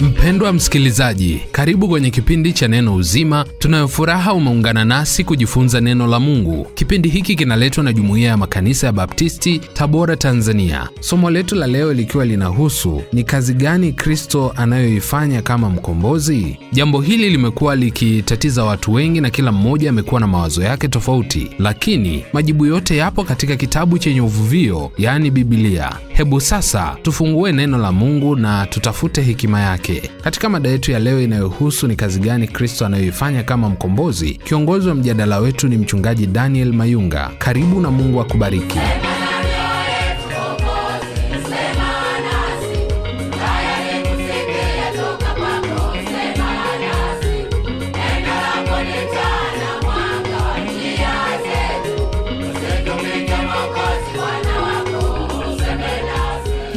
Mpendwa msikilizaji, karibu kwenye kipindi cha Neno Uzima. Tunayofuraha umeungana nasi kujifunza neno la Mungu. Kipindi hiki kinaletwa na Jumuiya ya Makanisa ya Baptisti, Tabora, Tanzania. Somo letu la leo likiwa linahusu ni kazi gani Kristo anayoifanya kama mkombozi. Jambo hili limekuwa likitatiza watu wengi na kila mmoja amekuwa na mawazo yake tofauti, lakini majibu yote yapo katika kitabu chenye uvuvio, yaani Biblia. Hebu sasa tufungue neno la Mungu na tutafute hekima yake pekee. Katika mada yetu ya leo inayohusu ni kazi gani Kristo anayoifanya kama mkombozi, kiongozi wa mjadala wetu ni mchungaji Daniel Mayunga. Karibu na Mungu akubariki.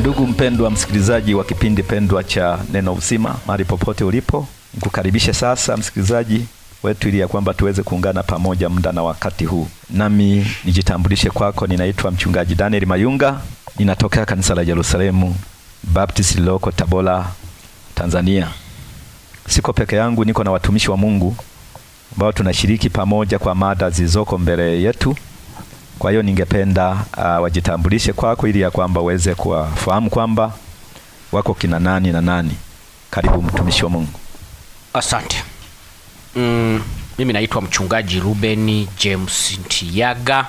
Ndugu mpendwa msikilizaji wa kipindi pendwa cha Neno Uzima, mahali popote ulipo, nikukaribishe sasa msikilizaji wetu ili ya kwamba tuweze kuungana pamoja muda na wakati huu. Nami nijitambulishe kwako, ninaitwa mchungaji Daniel Mayunga, ninatokea kanisa la jerusalemu Baptist liloko Tabora, Tanzania. Siko peke yangu, niko na watumishi wa Mungu ambao tunashiriki pamoja kwa mada zilizoko mbele yetu. Kwa hiyo ningependa uh, wajitambulishe kwako ili ya kwamba uweze kuwafahamu kwamba wako kina nani na nani. Karibu mtumishi wa Mungu. Asante. Mm, mimi naitwa mchungaji Ruben James Ntiyaga,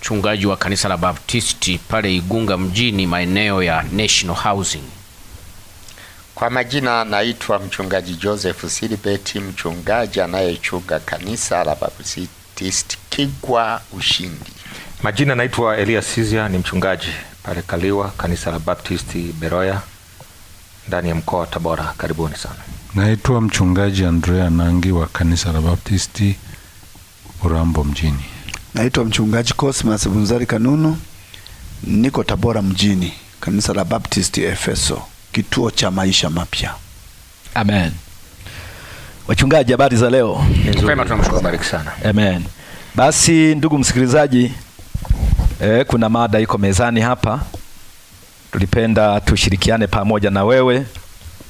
mchungaji wa kanisa la Baptisti pale Igunga mjini, maeneo ya National Housing. Kwa majina naitwa mchungaji Joseph Silibeti, mchungaji anayechunga kanisa la Baptisti tutatwikwa ushindi. Majina, naitwa Elia Sizia, ni mchungaji pale Kaliwa, kanisa la Baptisti Beroya ndani ya mkoa wa Tabora. Karibuni sana. Naitwa mchungaji Andrea Nangi wa kanisa la Baptisti Urambo mjini. Naitwa mchungaji Cosmas Bunzari Kanunu, niko Tabora mjini, kanisa la Baptisti Efeso, kituo cha maisha mapya. Amen. Wachungaji, habari za leo? Nzuri. Tunamshukuru, bariki sana. Amen. Basi ndugu msikilizaji, e, kuna mada iko mezani hapa, tulipenda tushirikiane pamoja na wewe.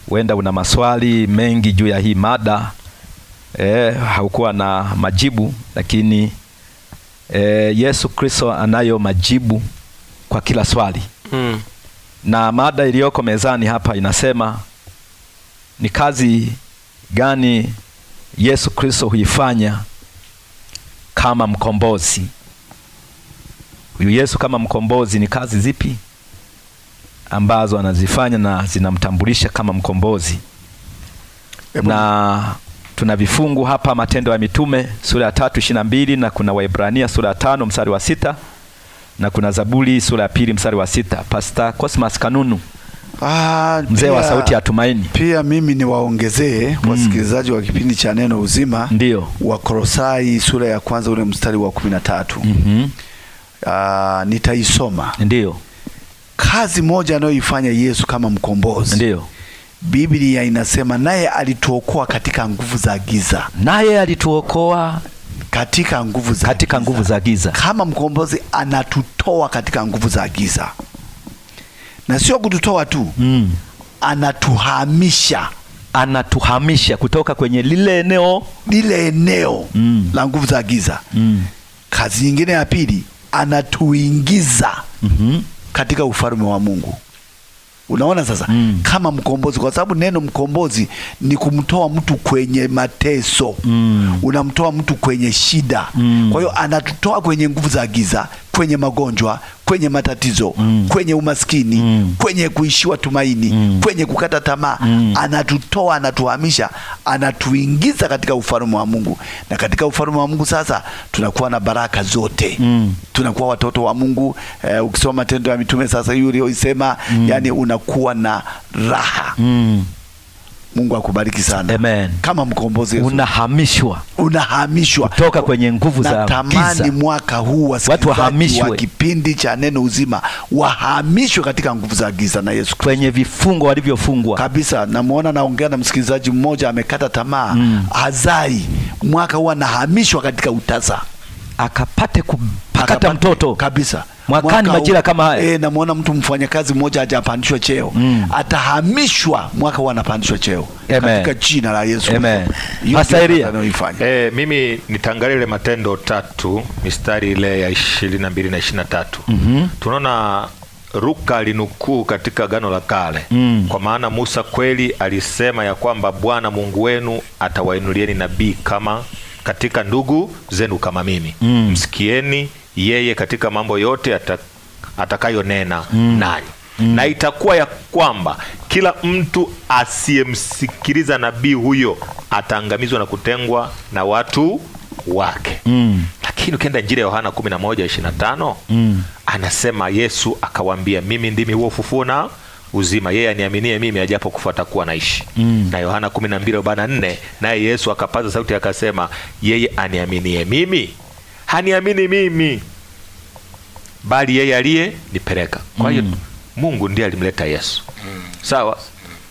Huenda una maswali mengi juu ya hii mada e, haukuwa na majibu, lakini e, Yesu Kristo anayo majibu kwa kila swali mm. Na mada iliyoko mezani hapa inasema ni kazi gani Yesu Kristo huifanya kama mkombozi. Huyu Yesu kama mkombozi, ni kazi zipi ambazo anazifanya na zinamtambulisha kama mkombozi? Ebu. Na tuna vifungu hapa Matendo ya Mitume sura ya tatu ishirini na mbili na kuna Waebrania sura ya tano mstari wa sita na kuna Zaburi sura ya pili mstari wa sita. Pastor Cosmas Kanunu Ah, mzee wa sauti ya tumaini. Pia mimi niwaongezee mm. wasikilizaji wa kipindi cha neno uzima, ndio wa Wakolosai sura ya kwanza ule mstari wa kumi na tatu mm -hmm. Ah, nitaisoma ndio. Kazi moja anayoifanya Yesu kama mkombozi ndio Biblia inasema naye alituokoa katika nguvu za giza, naye alituokoa katika nguvu za katika giza. nguvu za giza. Kama mkombozi anatutoa katika nguvu za giza na sio kututoa tu mm. Anatuhamisha, anatuhamisha kutoka kwenye lile eneo lile eneo mm. la nguvu za giza mm. Kazi nyingine ya pili anatuingiza mm -hmm. katika ufalme wa Mungu. Unaona sasa mm. kama mkombozi, kwa sababu neno mkombozi ni kumtoa mtu kwenye mateso mm. unamtoa mtu kwenye shida mm. kwa hiyo anatutoa kwenye nguvu za giza kwenye magonjwa, kwenye matatizo mm. kwenye umaskini mm. kwenye kuishiwa tumaini mm. kwenye kukata tamaa mm. anatutoa, anatuhamisha, anatuingiza katika ufalme wa Mungu. Na katika ufalme wa Mungu sasa tunakuwa na baraka zote mm. tunakuwa watoto wa Mungu. Eh, ukisoma Matendo ya Mitume sasa hiyo uliyosema mm. yani unakuwa na raha mm. Mungu akubariki sana. Amen. Kama mkombozi Yesu. Unahamishwa. Unahamishwa. Kutoka kwenye nguvu za giza. Natamani mwaka huu watu wahamishwe. Wa kipindi cha neno uzima wahamishwe katika nguvu za giza na Yesu. Kwenye vifungo walivyofungwa. Kabisa. Namuona naongea na msikilizaji mmoja amekata tamaa, mm. hazai. Mwaka huu anahamishwa katika utasa. Akapate kupata mtoto. Kabisa mwakani mwaka majira kama haya e, namwona mtu mfanyakazi mmoja hajapandishwa cheo mm. Atahamishwa mwaka huu anapandishwa cheo katika jina la Yesu. E, mimi nitangalia ile Matendo tatu mistari ile ya ishirini na mbili na ishirini na tatu mm -hmm. Tunaona Luka linukuu katika Agano la Kale mm. Kwa maana Musa kweli alisema ya kwamba Bwana Mungu wenu atawainulieni nabii kama katika ndugu zenu kama mimi mm. Msikieni yeye katika mambo yote atakayonena mm. nanyi mm. na itakuwa ya kwamba kila mtu asiyemsikiliza nabii huyo ataangamizwa na kutengwa na watu wake mm. Lakini ukienda Injili ya Yohana 11:25 mm. anasema Yesu akawambia, mimi ndimi huo ufufuo na uzima, yeye aniaminie mimi ajapo kufuata kuwa naishi mm. na Yohana 12:4 naye Yesu akapaza sauti akasema, yeye aniaminie mimi haniamini mimi, bali yeye nipeleka. Kwa hiyo mm. Mungu ndiye alimleta Yesu mm. Sawa.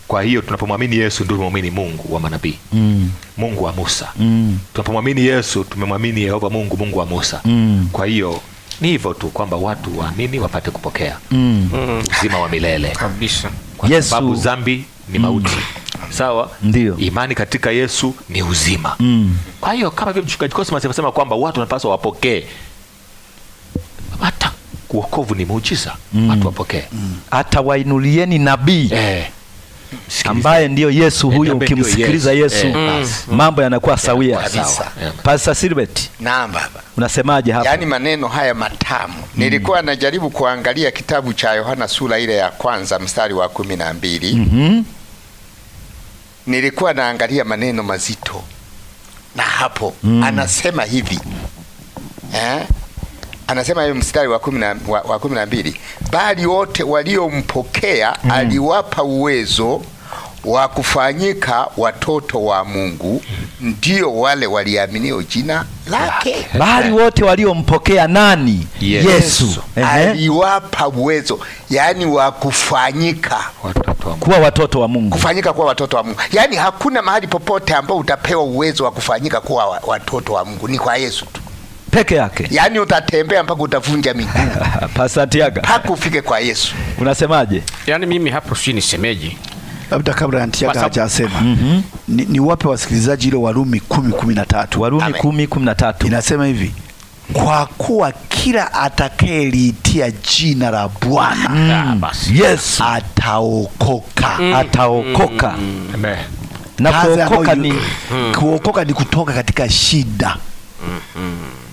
Kwa hiyo tunapomwamini Yesu ndio tumemwamini Mungu wa manabii mm. Mungu wa Musa mm. Tunapomwamini Yesu tumemwamini Yehova Mungu, Mungu wa Musa mm. Kwa hiyo ni hivyo tu kwamba watu waamini wapate kupokea mm. uzima wa milele kabisa, kwa sababu dhambi ni mauti mm sawa, ndio imani katika Yesu ni uzima mm. Kwa hiyo kama vile mchungaji Cosmas anasema kwamba watu wanapaswa wapokee hata uokovu ni muujiza mm. watu wapokee mm. hata mm. wainulieni nabii eh. ambaye ndiyo Yesu huyo, ukimsikiliza Yesu, Yesu. Eh. Mm. mambo yanakuwa sawia. Eh. pasa silbet naam baba, unasemaje hapa? Yaani maneno haya matamu mm. nilikuwa najaribu kuangalia kitabu cha Yohana sura ile ya kwanza mstari wa kumi na mbili mm -hmm nilikuwa naangalia maneno mazito na hapo mm. anasema hivi eh? anasema hiyo mstari wa kumi na wa, wa kumi na mbili bali wote waliompokea mm. aliwapa uwezo wa kufanyika watoto wa Mungu mm ndio wale waliaminio jina lake, bali wote waliompokea nani? Yes. Yesu aliwapa uwezo, yani wa kufanyika watoto wa kuwa watoto wa Mungu, kufanyika kuwa watoto wa Mungu. Yani hakuna mahali popote ambao utapewa uwezo wa kufanyika kuwa watoto wa Mungu, ni kwa Yesu tu peke yake. yani utatembea mpaka utavunja miguu pasatiaga mpaka ufike kwa Yesu. Unasemaje? Yani mimi hapo si nisemeje? labda kabla ya Ntiaga hajasema mm -hmm. ni, ni wape wasikilizaji ile Warumi kumi kumi na tatu Warumi kumi kumi na tatu inasema hivi kwa kuwa kila atakayeliitia jina la Bwana mm. Ah, yes. ataokoka mm. ataokoka mm. na kuokoka ni, kuokoka ni kutoka katika shida mm. -hmm.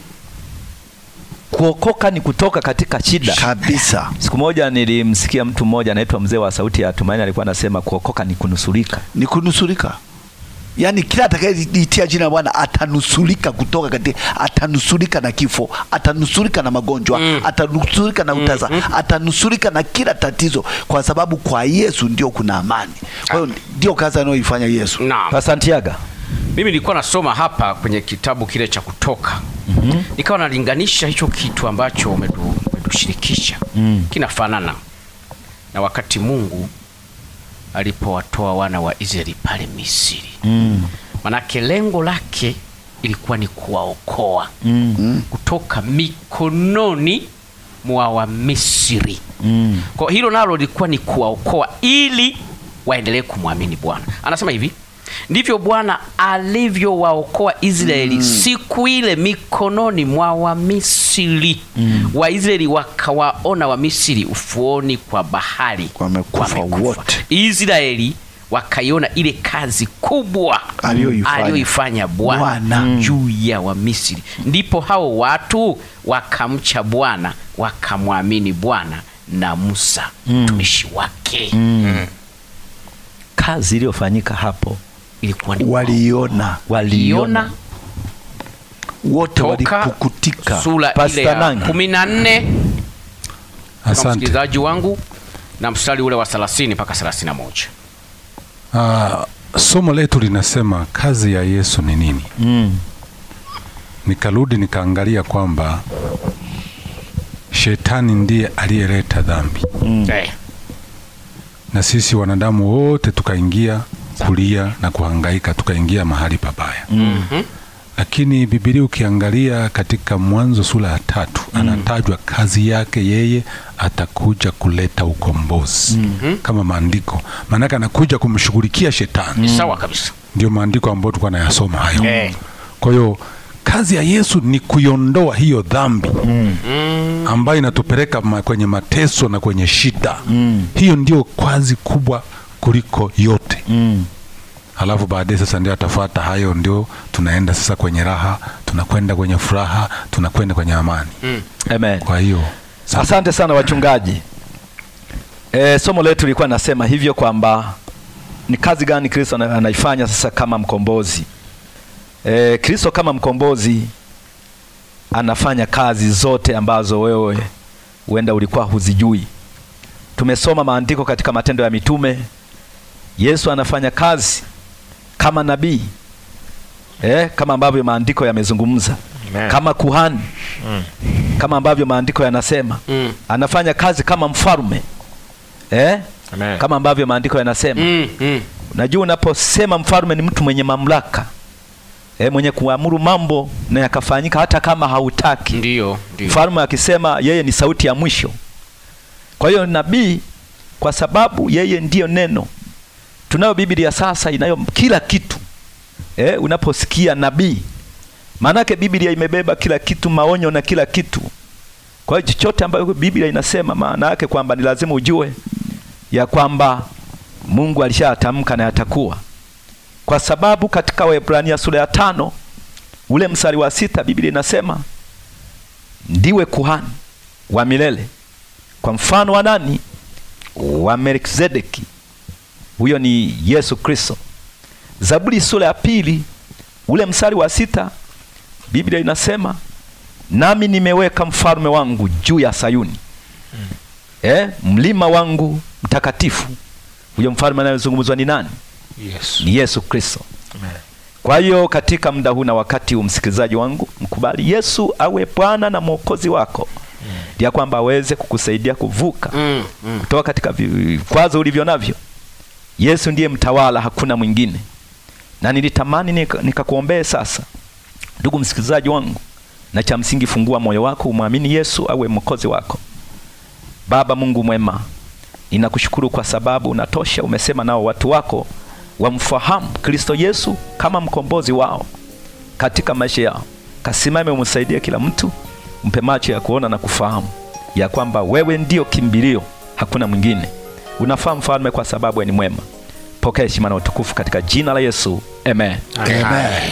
Kuokoka ni kutoka katika shida kabisa. Siku moja nilimsikia mtu mmoja anaitwa mzee wa Sauti ya Tumaini alikuwa anasema kuokoka ni kunusurika, ni kunusurika. Yaani kila atakayeliitia jina la Bwana atanusurika kutoka katika, atanusurika na kifo, atanusurika na magonjwa mm. atanusurika na mm, utasa mm -hmm. atanusurika na kila tatizo, kwa sababu kwa Yesu ndio kuna amani. Kwa hiyo ndio kazi anayoifanya Yesu. Naam. Santiago, mimi nilikuwa nasoma hapa kwenye kitabu kile cha Kutoka -hmm. nikawa nalinganisha hicho kitu ambacho umetushirikisha mm. kinafanana na wakati Mungu alipowatoa wana wa Israeli pale Misri mm. manake lengo lake ilikuwa ni kuwaokoa mm, mm. kutoka mikononi mwa Misri mm. kwa hilo nalo lilikuwa ni kuwaokoa ili waendelee kumwamini Bwana. Anasema hivi ndivyo Bwana alivyowaokoa Israeli mm. siku ile mikononi mwa Wamisiri mm. Waisraeli wakawaona Wamisiri ufuoni kwa bahari wamekufa wote. Israeli wakaiona ile kazi kubwa aliyoifanya Bwana mm. Mm. juu ya Wamisiri, ndipo hao watu wakamcha Bwana wakamwamini Bwana na Musa mm. mtumishi mm. wake mm. kazi iliyofanyika hapo ilikuwa ni waliona, waliona wote walipukutika. Sura ile ya kumi na nne msikilizaji wangu, na mstari ule wa 30 mpaka 31. Ah, somo letu linasema kazi ya Yesu ni nini? Mm. Nikarudi nikaangalia kwamba shetani ndiye aliyeleta dhambi mm. Hey. Eh. Na sisi wanadamu wote tukaingia kulia na kuhangaika tukaingia mahali pabaya. mm -hmm. Lakini Biblia ukiangalia katika Mwanzo sura ya tatu mm. anatajwa kazi yake yeye atakuja kuleta ukombozi mm -hmm. kama maandiko, maanake anakuja kumshughulikia shetani. Sawa kabisa, ndio maandiko ambayo tulikuwa nayasoma hayo. hey. Eh. Kwa hiyo kazi ya Yesu ni kuiondoa hiyo dhambi mm. ambayo inatupeleka kwenye mateso na kwenye shida mm. Hiyo ndio kazi kubwa kuliko yote mm. Alafu baadaye sasa ndio atafuata hayo, ndio tunaenda sasa kwenye raha, tunakwenda kwenye furaha, tunakwenda kwenye amani mm. Amen. Kwa hiyo asante sana wachungaji. E, somo letu lilikuwa nasema hivyo kwamba ni kazi gani Kristo anaifanya sasa kama mkombozi. E, Kristo kama mkombozi anafanya kazi zote ambazo wewe huenda ulikuwa huzijui. Tumesoma maandiko katika Matendo ya Mitume Yesu anafanya kazi kama nabii eh, kama ambavyo maandiko yamezungumza, kama kuhani mm. kama ambavyo maandiko yanasema mm. anafanya kazi kama mfalme eh, Amen. kama ambavyo maandiko yanasema mm. mm. Unajua, unaposema mfalme ni mtu mwenye mamlaka eh, mwenye kuamuru mambo na yakafanyika hata kama hautaki. Ndio, ndio. Mfalme akisema yeye ni sauti ya mwisho. Kwa hiyo nabii, kwa sababu yeye ndiyo neno, Tunayo Biblia sasa inayo kila kitu eh, unaposikia nabii, maanake Biblia imebeba kila kitu, maonyo na kila kitu. Kwa hiyo chochote ambayo Biblia inasema, maana yake kwamba ni lazima ujue ya kwamba Mungu alishayatamka na yatakuwa, kwa sababu katika Waebrania sura ya tano ule msali wa sita Biblia inasema ndiwe kuhani wa milele kwa mfano wa nani? Wa Melkizedeki huyo ni Yesu Kristo. Zaburi sura ya pili ule msari wa sita Biblia inasema nami nimeweka mfalme wangu juu ya Sayuni, mm. eh, mlima wangu mtakatifu. Huyo mfalme anayezungumzwa ni nani? Yesu. Ni Yesu Kristo. Kwa hiyo katika muda huu na wakati huu, msikilizaji wangu, mkubali Yesu awe Bwana na Mwokozi wako hmm. ya kwamba aweze kukusaidia kuvuka mm, mm. kutoka katika vikwazo ulivyo navyo Yesu ndiye mtawala, hakuna mwingine. Na nilitamani nikakuombee nika sasa, ndugu msikilizaji wangu, na cha msingi, fungua moyo wako umwamini Yesu awe mwokozi wako. Baba Mungu mwema, ninakushukuru kwa sababu unatosha. Umesema nao watu wako wamfahamu Kristo Yesu kama mkombozi wao katika maisha yao. Kasimame umsaidie kila mtu, mpe macho ya kuona na kufahamu ya kwamba wewe ndiyo kimbilio, hakuna mwingine. Unafaa mfalme kwa sababu ni mwema. Pokea heshima na utukufu katika jina la Yesu. Amen. Amen.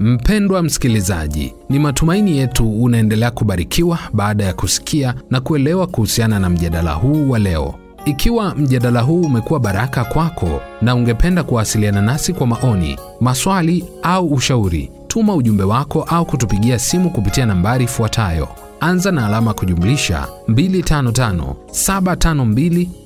Mpendwa msikilizaji, ni matumaini yetu unaendelea kubarikiwa baada ya kusikia na kuelewa kuhusiana na mjadala huu wa leo. Ikiwa mjadala huu umekuwa baraka kwako na ungependa kuwasiliana nasi kwa maoni, maswali au ushauri, tuma ujumbe wako au kutupigia simu kupitia nambari ifuatayo: anza na alama kujumlisha 255 752